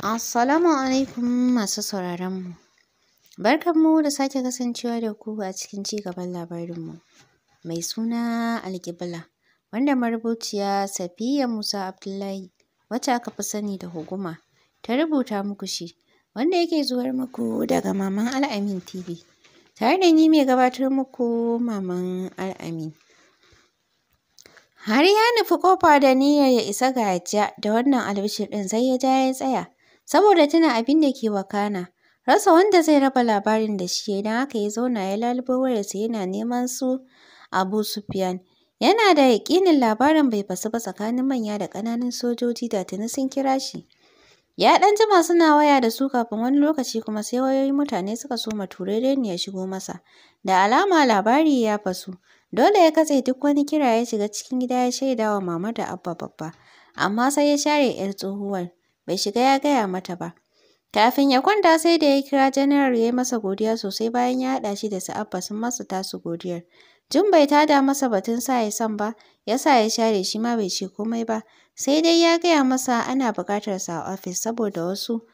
Assalamu alaikum masu sauraronmu. Barkanmu da sake kasancewa da ku a cikin ci gaban labarinmu. Mai suna Alƙibla, wanda marubuciya Safiya Musa Abdullahi, wacce aka fi sani da Huguma, ta rubuta muku shi, wanda yake zuwar muku daga Maman Al'amin TV. Tare da ni mai gabatar muku Maman Al'amin. Har ya nufi kofa da niyyar ya isa ga da wannan albishir ɗin sai ya ja ya tsaya. saboda tuna abin da ke wakana. Rasa wanda zai raba labarin da shi idan aka yi zauna ya lalubo wayarsa yana neman su Abu Sufyan. Yana da yaƙinin labarin bai fasu ba tsakanin manya da ƙananan sojoji da tuni sun kira shi. Ya ɗan jima suna waya da su kafin wani lokaci kuma sai wayoyin mutane suka soma turereni ya shigo masa. Da alama labari ya fasu. Dole ya katse duk wani kira ya shiga cikin gida ya shaida wa mama da abba babba. Amma sai ya share ‘yar tsohuwar. bai shiga ya gaya mata ba. Kafin ya kwanta sai da ya kira Janaral ya yi masa godiya sosai bayan ya haɗa shi da Sa'abba sun masa tasu godiyar. Jin bai tada masa batun sa ya san ba, ya sa ya share shi ma bai ce komai ba, sai dai ya gaya masa ana buƙatar sa a ofis saboda wasu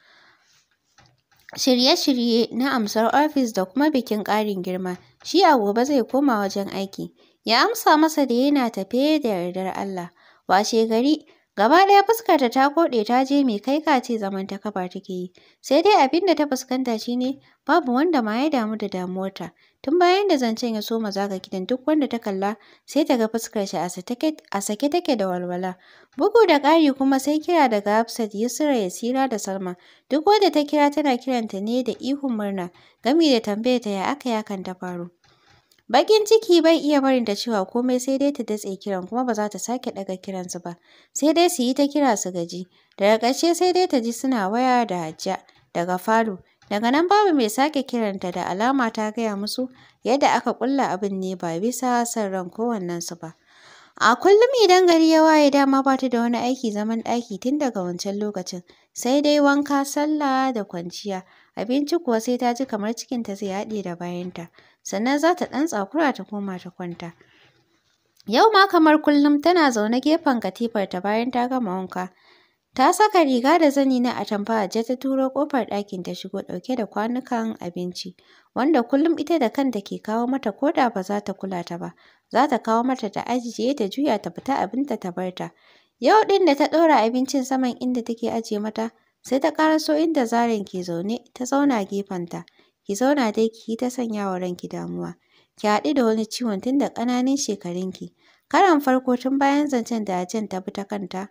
shirye-shirye na amsar ofis da kuma bikin ƙarin girma. Shi a gobe zai koma wajen aiki. Ya amsa masa da yana tafe da yardar Allah. Washe gari, Gaba ɗaya fuskarta ta koɗe ta je mai kai ka ce kaba take yi. Sai dai abin da ta fuskanta shine babu wanda ma ya damu da damuwarta. Tun bayan da zancen ya soma zaga gidan duk wanda ta kalla sai ta ga fuskar shi a sake take da walwala. Bugu da ƙari kuma sai kira daga Hafsat, Yusra, Yasira da Salma. Duk wanda ta kira tana kiranta ne da ihun murna, gami da tambayar ta ya aka yakan ta faru. Bakin ciki bai iya barin ta cewa komai sai dai ta datse kiran kuma ba za ta sake ɗaga kiransu ba. Sai dai su yi ta kira su gaji. Daga ƙarshe sai dai ta ji suna waya da Hajja daga falo. Daga nan babu mai sake kiranta da alama ta gaya musu yadda aka ƙulla abin ne ba bisa san ran kowannensu ba. A kullum idan gari ya waye dama ba ta da wani aiki zaman ɗaki tun daga wancan lokacin, sai dai wanka, sallah da kwanciya. Abinci kuwa sai ta ji kamar cikinta zai haɗe da bayanta. sannan za ta ɗan tsakura ta koma ta kwanta. Yau ma kamar kullum tana zaune gefen katifar ta bayan ta gama wanka. Ta saka riga da zani na atamfa je ta turo kofar ɗakin ta shigo ɗauke da kwanukan abinci wanda kullum ita da kanta ke kawo mata ko da ba za ta kula ta ba. Za ta kawo mata ta ajiye ta juya ta fita abinta ta bar ta. Yau ɗin da ta ɗora abincin saman inda take ajiye mata sai ta so inda Zaren ke zaune ta zauna gefenta. ki zauna dai ki yi ta sanya wa ranki damuwa. Ki haɗu da wani ciwon tun da ƙananun shekarunki. Karan farko tun bayan zancen da ajen ta bi ta kanta,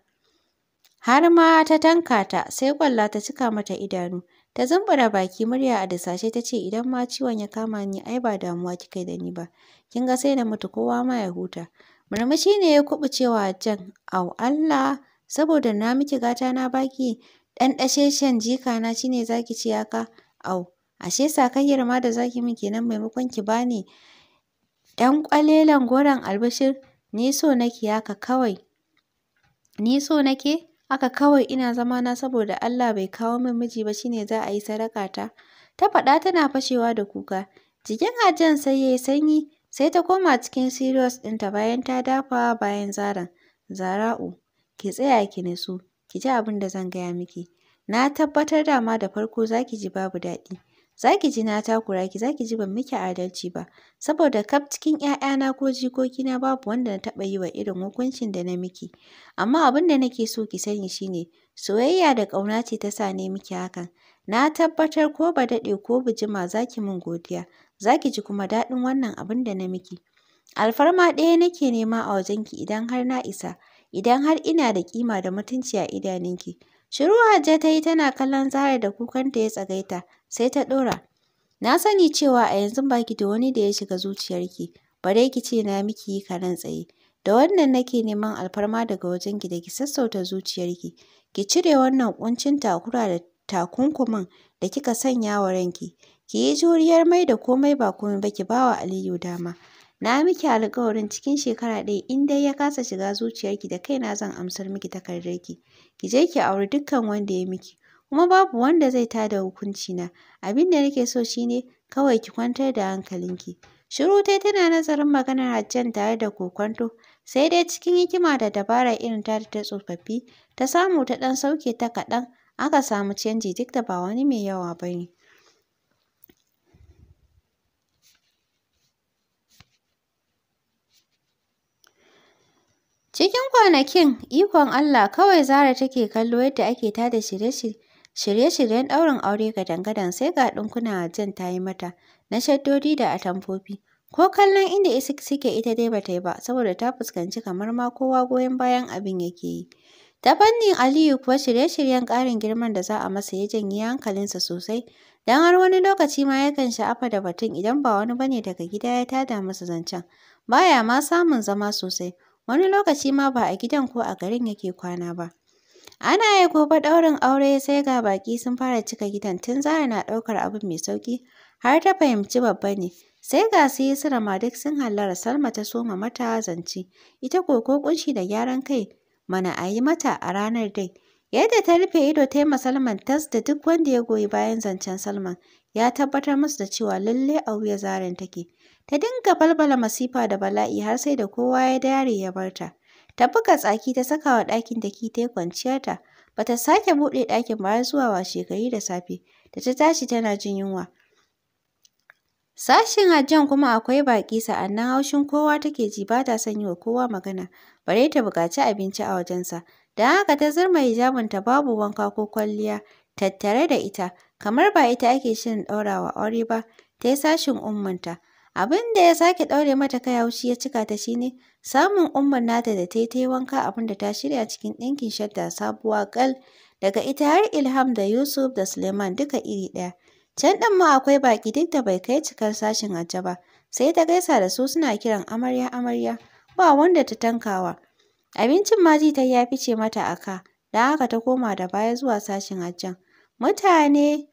har ma ta tanka ta sai kwalla ta cika mata idanu. Ta zumbura baki murya a dasashe ta ce idan ma ciwon ya kama ni ai ba damuwa kika da ni ba. Kin ga sai na mutu kowa ma ya huta. Murmushi ne ya kuɓucewa Jan. Au Allah saboda na miki gata na baki ɗan jika na shine zaki ci aka Au Ashe sakayyar ma da zaki min kenan maimakon ki bani dan kwalelan goran albishir ni so nake haka kawai. Ni so nake haka kawai ina zama na saboda Allah bai kawo min miji ba shine za a yi sadaka ta. Ta faɗa tana fashewa da kuka. Jikin Hajjan sai yayi sanyi sai ta koma cikin serious ɗinta bayan ta dafa bayan Zaran. Zara'u, ki tsaya ki nutsu, ki ji abin da zan gaya miki. Na tabbatar dama da farko zaki ji babu daɗi. Za ki ji na takura ki, za ki ji ban miki adalci ba, saboda kaf cikin ‘ya'yana ko jikoki na, babu wanda na taɓa yi wa irin hukuncin da na miki. Amma abin da nake so ki sani shine soyayya da ƙauna ce ta sa ne miki hakan. Na tabbatar ko ba daɗe ko bijima za ki min godiya, za ki ji kuma daɗin wannan abin da na miki. Alfarma ɗaya nake nema a wajen ki idan har na isa, idan har ina da ƙima da mutunci a idanunki. Shiru Hajja ta yi tana kallon Zahra da kukanta ya tsagaita, sai ta ɗora. Na sani cewa a yanzu ba ki da wani da ya shiga zuciyarki, bare ki ce na miki yi karen tsaye. Da wannan nake neman alfarma daga wajen ki da ki sassauta zuciyarki, ki cire wannan kuncin takura da takunkumin da kika sanya wa ranki, ki yi juriyar mai da komai ba komai ba ki ba wa Aliyu dama. Na miki alƙawarin cikin shekara ɗaya in dai ya kasa shiga zuciyarki da kaina zan amsar miki takardarki. Ki je ki auri dukkan wanda ya miki. Kuma babu wanda zai tada hukunci na. Abin da nake so shine kawai ki kwantar da hankalinki. Shiru tai tana nazarin maganar Hajjan tare da kokwanto. Sai dai cikin hikima da dabara irin ta da ta tsofaffi, ta samu ta ɗan sauke ta kaɗan, aka samu canji duk da ba wani mai yawa bane Cikin kwanakin, ikon Allah, kawai Zara take kallo yadda ake tada shirye-shiryen ɗaurin aure ga dangadan sai ga ɗinkuna Jan ta yi mata na shaddodi da atamfofi. Ko kallon inda isa suke ita dai ba ta yi ba, saboda ta fuskanci kamar ma kowa goyon bayan abin yake yi. Ta fannin Aliyu kuwa shirye-shiryen ƙarin girman da za a masa ya janye hankalinsa sosai, don har wani lokaci ma yakan sha'afa da batun idan ba wani bane daga gida ya tada masa zancen. baya ma samun zama sosai, wani lokaci ma ba a gidan ko a garin yake kwana ba. Ana yi gobe ɗaurin aure sai ga baƙi sun fara cika gidan tun Zara na ɗaukar abin mai sauƙi har ta fahimci babba ne. Sai ga su yi rama duk sun hallara Salma ta soma mata zance, ita ko ko ƙunshi da gyaran kai mana a yi mata a ranar dai. Yadda ta rufe ido ta yi ma Salman tas da duk wanda ya goyi bayan zancen Salman ya tabbatar musu da cewa lallai a wuya Zaran take. Ta dinga balbala masifa da bala'i har sai da kowa ya dare ya bar ta. Ta buga tsaki ta saka wa ɗakin ta yi kwanciyarta. Ba ta sake buɗe ɗakin ba har zuwa washegari da safe da ta tashi tana jin yunwa. Sashin hajjan kuma akwai baƙi sa'annan haushin kowa take ji ba ta son yi wa kowa magana bare ta buƙaci abinci a wajensa. Don haka ta zurma ta babu wanka ko kwalliya tattare da ita kamar ba ita ake shirin ɗaurawa aure ba ta yi sashin ummanta. Abin da ya sake ɗaure mata kai haushi ya cika ta shine samun umman nata da ta yi wanka abin da ta shirya cikin ɗinkin shadda sabuwa kal daga ita har Ilham da Yusuf da Suleiman duka iri ɗaya. Can ɗin ma akwai baƙi duk da bai kai cikar sashin Hajja ba, sai ta gaisa da su suna kiran amarya amarya ba wanda ta tankawa. Abincin ma ji ta ya fice mata a ka, haka ta koma da baya zuwa sashin Hajjan. Mutane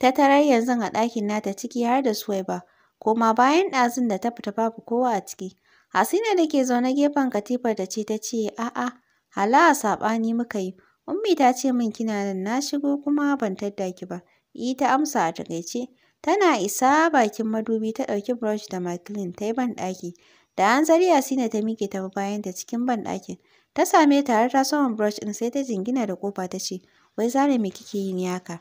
ta tarar yanzu a ɗakin nata ciki har da Suwaiba, koma bayan ɗazun da ta fita babu kowa a ciki. Hasina da ke zaune gefen katifar da ce ta ce a'a hala a saɓani muka yi. Ummi ta ce min kina nan na shigo kuma ban tadda ki ba. I ta amsa a takaice. Tana isa bakin madubi ta ɗauki brush da maklin ta yi banɗaki. Da hanzari Hasina ta miƙe ta bayan ta cikin banɗakin. Ta same ta har ta saman brush ɗin sai ta jingina da ƙofa ta ce wai zare me kike yin yaka?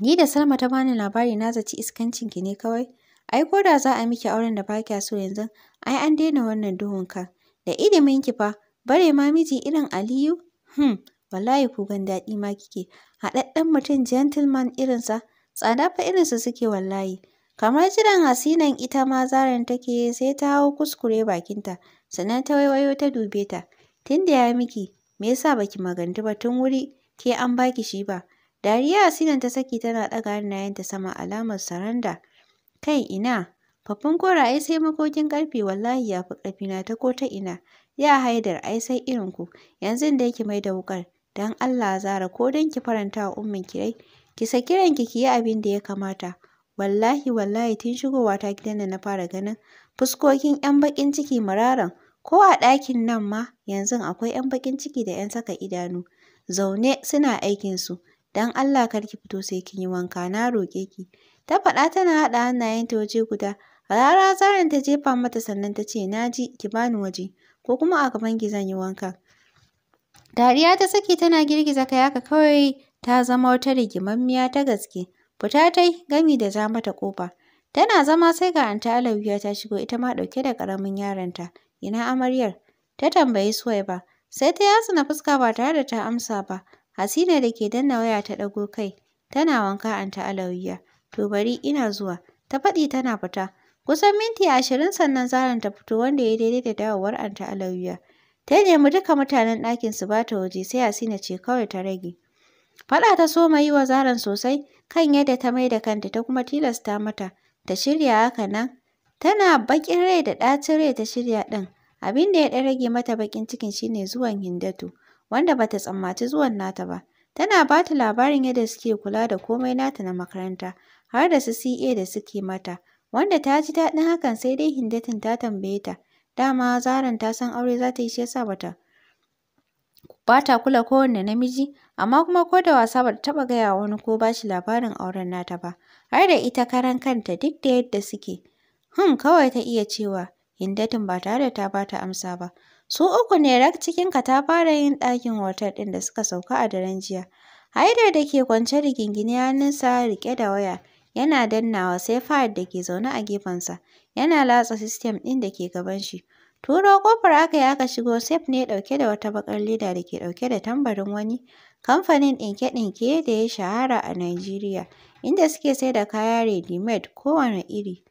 Ni da Salma ta bani labari na zaci iskancin ki ne kawai. Ai ko da za a miki auren da ba so yanzu, ai an daina wannan duhun ka. Da ilimin ki fa, bare ma miji irin Aliyu? Hmm, wallahi kugan daɗi ma kike. Haɗaɗɗen mutum gentleman irinsa, tsada fa irinsa suke wallahi. Kamar jiran hasinan ita ma zaran take sai ta hau kuskure bakinta, sannan ta waiwayo ta dube ta. Tun ya miki, me yasa baki magantu ba tun wuri, ke an baki shi ba. Dariya hasinan ta saki tana ɗaga hannayenta sama alamar saranda. Kai ina! Faffan koraye sai makokin ƙarfe wallahi ya fi ƙarfina ta ko ta ina. Ya Haidar ai sai irin ku, Yanzu da yake mai da wuƙar, dan Allah Zara ko dan ki faranta wa ki rai, ki saki ranki ki yi abin da ya kamata. Wallahi wallahi tun ta gidan nan na fara ganin fuskokin 'yan bakin ciki mararan, ko a ɗakin nan ma yanzu akwai 'yan bakin ciki da 'yan saka idanu, zaune suna aikin su dan Allah kar ki fito sai kin yi wanka na roke ki. Ta faɗa tana haɗa hannayenta waje guda. Rara zaran ta jefa mata sannan ta ce, Na ji, ki bani waje, ko kuma a gaban ki zan yi wanka. Dariya ta saki tana girgiza kai haka kawai ta zama wata rigimammiya ta gaske. Fita ta gami da ja mata ƙofa. Tana zama sai ga Anta Alawiya ta shigo ita ma ɗauke da ƙaramin yaronta. Ina amaryar? Ta tambayi Suwaiba. Sai ta na fuska ba tare da ta amsa ba. Hasina da ke danna waya ta ɗago kai. Tana wanka Anta Alawiya. To bari ina zuwa. Ta faɗi tana fita. Kusan minti ashirin sannan zaran ta fito wanda ya daidai da dawowar anta alawiya. Ta nemi duka mutanen ɗakin su bata waje sai Asina ce kawai ta rage. Faɗa ta so yi wa zaran sosai kan yadda ta mai da kanta ta kuma tilasta mata ta shirya haka nan. Tana baƙin rai da ɗacin rai ta shirya ɗin. Abin da ya ɗan rage mata baƙin cikin shine zuwan Hindatu, wanda bata tsammaci zuwan nata ba. Tana bata labarin yadda suke kula da komai nata na makaranta, har da su CA da suke mata, wanda ta ji daɗin hakan sai dai Hindatin ta tambaye ta, dama Zaran ta san aure za ta yi shi yasa bata ba ta kula kowanne namiji, amma kuma ko da wasa ba ta taɓa gaya wani ko ba shi labarin auren nata ba, har da ita karan kanta duk da yadda suke. Hun hmm, kawai ta iya cewa, Hindatin ba tare ta ba ta amsa ba. Su uku ne rak cikinka ta fara yin ɗakin hotel ɗin da suka sauka a daren jiya. Haidar da ke kwance rigingine hannunsa rike da waya, Yana dannawa sai Fahad da ke zaune a gefensa yana latsa sistem ɗin da ke gaban shi. Turo ƙofar aka yi aka shigo sef ne ɗauke da wata baƙar leda da ke ɗauke da tambarin wani kamfanin ɗinke-ɗinke da ya shahara a Nigeria, inda suke sai da kaya ready-made kowane iri.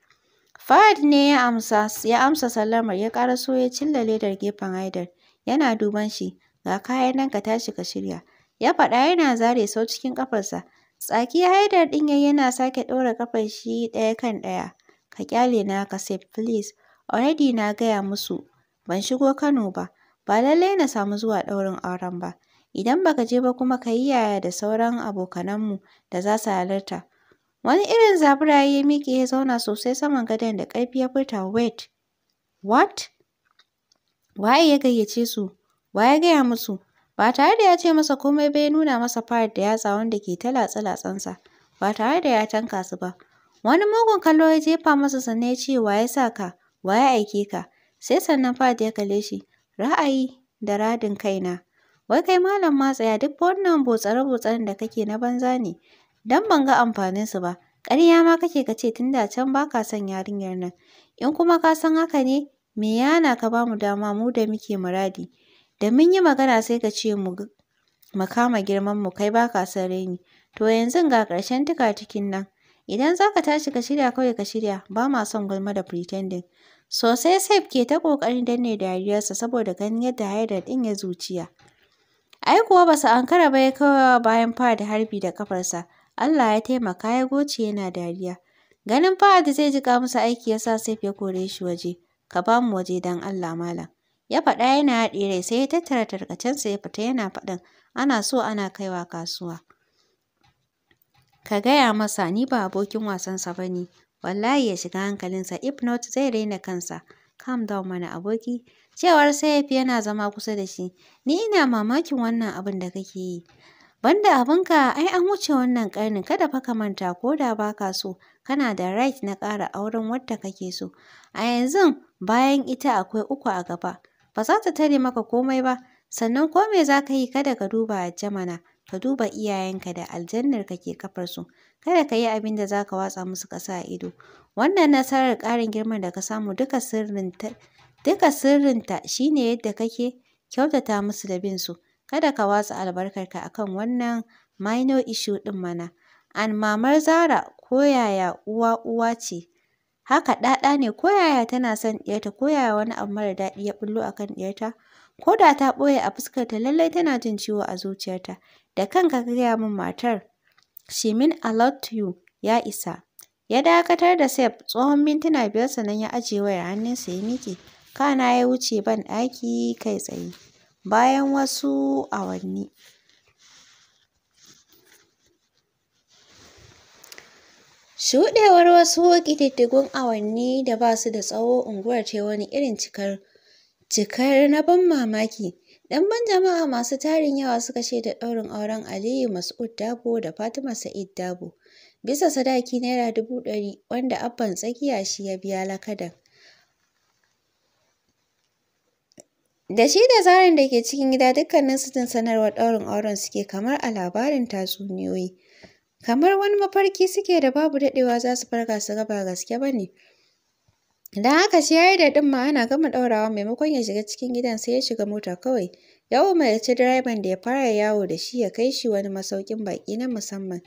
Fahad ne ya amsa ya amsa sallamar ya so ya cilla ledar gefen Haidar yana duban shi. Ga kayan nan ka tashi ka shirya. Ya faɗa yana zare sau cikin ƙafarsa. Tsaki Haidar ɗin ya yi yana sake ɗora ƙafar shi ɗaya kan ɗaya. Ka ƙyale na ka Sef, please. Already na gaya musu ban shigo Kano ba. Ba lallai na samu zuwa ɗaurin auren ba. Idan baka je ba kuma ka yi yaya da sauran abokananmu da za su halarta. Wani irin zabura ya miƙe ya zauna sosai saman gadon da ƙarfi ya furta wait. What? Waye ya gayyace su? Wa ya gaya musu? Ba tare da ya ce masa komai ba ya nuna masa Fahad da yatsa wanda ke ta latsa-latsansa ba tare da ya tanka su ba. Wani mugun kallo ya jefa masa sannan ya ce wa ya sa ka, wa ya aike ka. Sai sannan Fahad ya kalle shi, ra'ayi da radin kaina. Wai kai malam matsaya duk wannan botsare-botsaren da kake na banza ne, Dan ban ga amfaninsu ba. Ƙarya ma kake ka ce tun da can ba ka son yarinyar nan. In kuma ka san haka ne, me yana ka ba mu dama mu da muke muradi. Da mun yi magana sai ka ce mu mu kama girman mu kai ba ka son raini. To yanzu ga ƙarshen tuka-tukin nan. Idan za ka tashi ka shirya kawai ka shirya ba ma son gulma da pretending. Sosai Saif ke ta ƙoƙarin danne dariyarsa saboda ganin yadda Haidar ɗin ya zuciya. Ai kuwa ba su ankara ba ya kawo bayan da harbi da kafarsa. Allah ya taimaka ya goce yana dariya. Ganin da zai jika musu aiki ya sa Saif ya kore shi waje. Ka ba mu waje dan Allah malam. Ya faɗa yana haɗe rai sai ya tattara tarkacensa ya fita yana faɗin ana so ana kaiwa kasuwa. Ka gaya masa ni ba abokin wasansa ba ne, wallahi ya shiga hankalinsa if not zai raina kansa. Calm down mana aboki. Cewar sai yafi yana zama kusa da shi. Ni ina mamakin wannan abin da kake yi. Banda ka, ai an wuce wannan karnin kada fa ka manta ko da baka so kana da right na ƙara auren wadda kake so. A yanzu bayan ita akwai uku a gaba. ba za ta tare maka komai ba sannan ko me za ka yi kada ka duba jamana ka duba iyayenka da aljannar ka ke kafar su, kada ka yi abin da za ka watsa musu kasa a ido wannan nasarar ƙarin girman da ka samu duka sirrinta duka sirrinta shine yadda kake kyautata musu da bin su kada ka watsa ka akan wannan minor issue ɗin mana an zara ko yaya uwa uwa ce haka ɗaɗa ne ko yaya tana son ɗiyarta ko yaya wani abu mara daɗi ya a akan ɗiyarta ko da ta ɓoye a fuskarta lallai tana jin ciwo a zuciyarta da kanka ka gaya min matar she mean a lot to you ya isa ya dakatar da sef tsohon mintuna biyar sannan ya ajiye wayar hannunsa ya miƙe kana ya wuce ban ɗaki kai tsaye bayan wasu awanni Shuɗewar wasu ƙididdigun awanni da ba su da tsawo unguwar ce wani irin cikar cikar na ban mamaki. ban jama'a masu tarin yawa suka ce da ɗaurin auren Aliyu Mas'ud Dabo da Fatima Sa'id Dabo. Bisa sadaki Naira dubu ɗari wanda abban tsakiya shi ya biya lakada. Da shi da zarin da ke cikin gida dukkanin su sanarwar ɗaurin auren suke kamar a labarin tatsuniyoyi. kamar wani mafarki suke da babu daɗewa za su farka su ga ba gaske ba ne. Don haka ya da ɗin ma ana gama ɗaurawa maimakon ya shiga cikin gidan sai ya shiga mota kawai. Ya umarci direban da ya fara yawo da shi ya kai shi wani masaukin baƙi na musamman.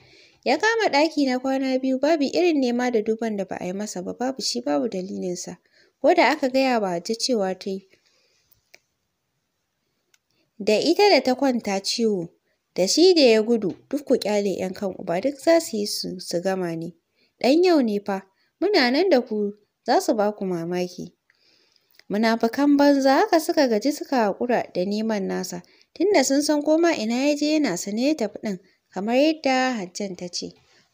Ya kama ɗaki na kwana biyu babu irin nema da duban da ba a yi masa ba babu shi babu dalilinsa. Ko da aka gaya a ta cewa ta yi. Da ita da ta kwanta ciwo. da shi da ya gudu duk ku kyale ‘yan kan uba duk za su yi su su gama ne. Dan yau ne fa, muna nan da ku za su ba ku mamaki. Munafukan banza haka suka gaji suka hakura da neman nasa, tunda sun san koma ina ya je yana sane ya tafi ɗin, kamar yadda Hajjan ta ce.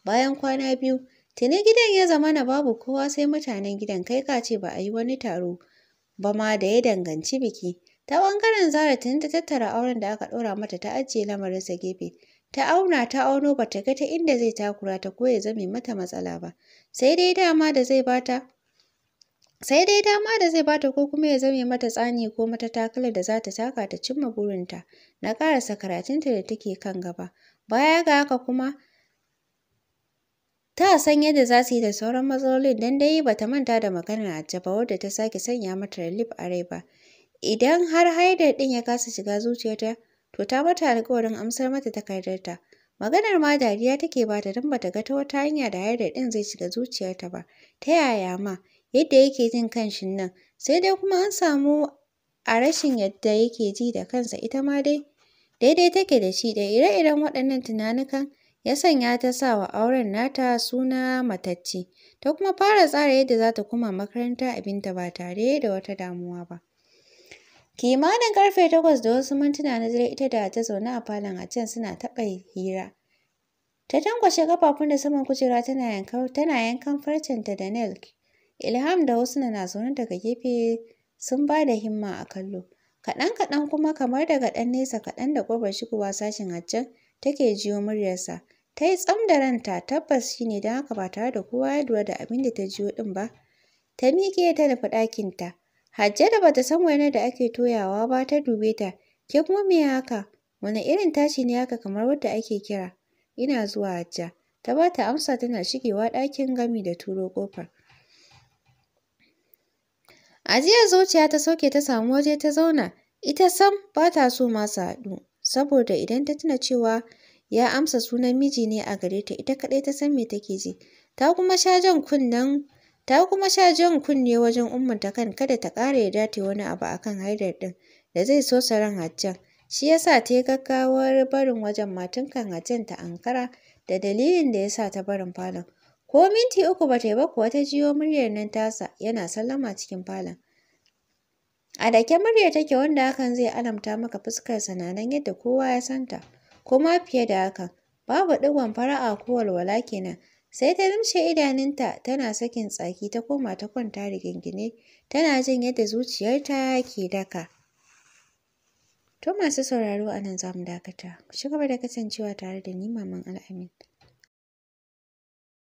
Bayan kwana biyu, tuni gidan ya zama na babu kowa sai mutanen gidan kai ka ce ba a yi wani taro ba ma da ya danganci biki. Ta bangaren Zara tuni ta tattara auren da aka ɗora mata ta ajiye lamarin sa gefe. Ta auna ta auno bata ta ga ta inda zai takura ta ko ya zame mata matsala ba. Sai dai dama da zai bata sai dai dama da zai bata ko kuma ya zame mata tsani ko mata takalar da zata ta taka ta cimma burinta na karasa karatunta da take kan gaba. Baya ga haka kuma ta san yadda za su yi da sauran matsalolin don dai bata manta da maganar Hajja ba wadda ta sake sanya mata relief a rai ba. Idan har haidar ɗin ya kasa shiga zuciyarta, to ta mata alƙawarin amsar mata takardarta. Maganar ma dariya take ba ta don ba ta ga ta wata hanya da haidar ɗin zai shiga zuciyarta ba. Ta yaya ma, yadda yake jin kanshin nan, sai dai kuma an samu a rashin yadda yake ji da kansa ita ma dai daidai take da shi da ire-iren waɗannan tunanukan ya sanya ta sa wa auren nata suna matacce ta kuma fara tsara yadda za ta koma makaranta abinta ba tare da wata damuwa ba. Kimanin karfe takwas da wasu mintuna na zira ita da ta zaune a falon a can suna taɓa hira. Ta tankwashe kafafun da saman kujera tana yankan tana yankan farcenta da nail. Ilham da wasu na zaune daga gefe sun ba da himma a kallo. Kaɗan kaɗan kuma kamar daga ɗan nesa kaɗan da ƙofar shigowa sashin a can, take jiyo muryarsa. Ta yi tsam da ranta tabbas shi ne don haka ba tare da kowa ya lura da abin da ta jiyo ɗin ba. Ta miƙe ta nufi ɗakinta. Hajjada da bata san wainar da ake toyawa ba ta dube ta. Ke kuma me haka? Wani irin tashi ne haka kamar wadda ake kira? Ina zuwa Hajja. Ta ba ta amsa tana shigewa ɗakin gami da turo ƙofar. Ajiya zuciya ta sauke ta samu waje ta zauna. Ita sam ba ta so ma su haɗu, saboda idan ta tuna cewa ya amsa sunan miji ne a gare ta, ita kaɗai ta san me take ji. Ta kuma sha jan kunnen Ta kuma sha jan kunne wajen ummata kan kada ta ƙara yarda ta wani abu akan haidar ɗin da zai so ran Hajjan. Shi yasa ta yi gaggawar barin wajen matan kan Hajjan ta ankara da dalilin da yasa ta barin falon. Ko minti uku ba ta yi ba kuwa ta jiyo muryar nan tasa yana sallama cikin falon. A dake murya take wanda hakan zai alamta maka fuskarsa na nan yadda kowa ya santa, kuma fiye da hakan, babu ɗigon fara'a ko walwala kenan Sai ta rumshe idanunta tana sakin tsaki ta koma ta kwanta rigingine tana jin yadda zuciyarta ke daka. To masu sauraro a nan za mu dakata. Ku ci gaba da kasancewa tare da ni Maman Al'amin.